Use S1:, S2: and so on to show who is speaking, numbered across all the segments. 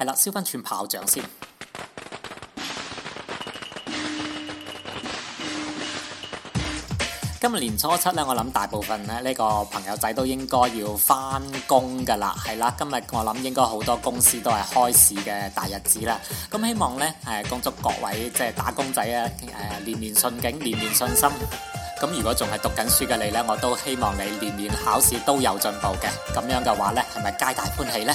S1: 係啦，燒翻串炮仗先。今日年初七咧，我諗大部分咧，呢個朋友仔都應該要翻工噶啦，係啦。今日我諗應該好多公司都係開市嘅大日子啦。咁希望咧，誒，恭祝各位即係打工仔啊，誒，年年順景，年年順心。咁如果仲係讀緊書嘅你咧，我都希望你年年考試都有進步嘅。咁樣嘅話咧，係咪皆大歡喜呢？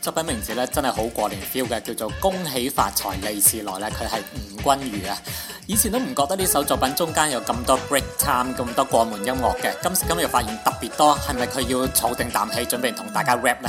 S1: 作品名字咧真係好過年 feel 嘅，叫做《恭喜發財利是來》咧，佢係吳君如啊！以前都唔覺得呢首作品中間有咁多 break time，咁多過門音樂嘅，今時今日發現特別多，係咪佢要儲定啖氣準備同大家 rap 呢？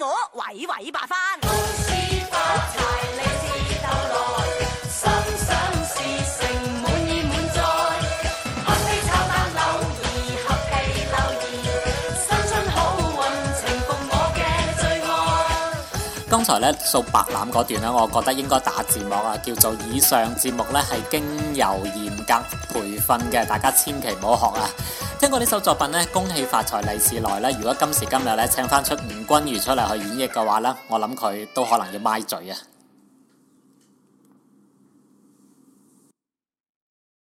S2: 我懷疑白番。恭喜發財利是到來，心想事成滿意滿載。咖啡炒蛋柳兒合氣留兒，新春好運情共我嘅最愛。
S1: 剛才咧數白欖嗰段咧，我覺得應該打字幕啊，叫做以上節目咧係經由嚴格培訓嘅，大家千祈唔好學啊。咁過呢首作品咧，恭喜發財、利是來咧。如果今時今日咧，請返出吳君如出嚟去演繹嘅話咧，我諗佢都可能要咪嘴啊！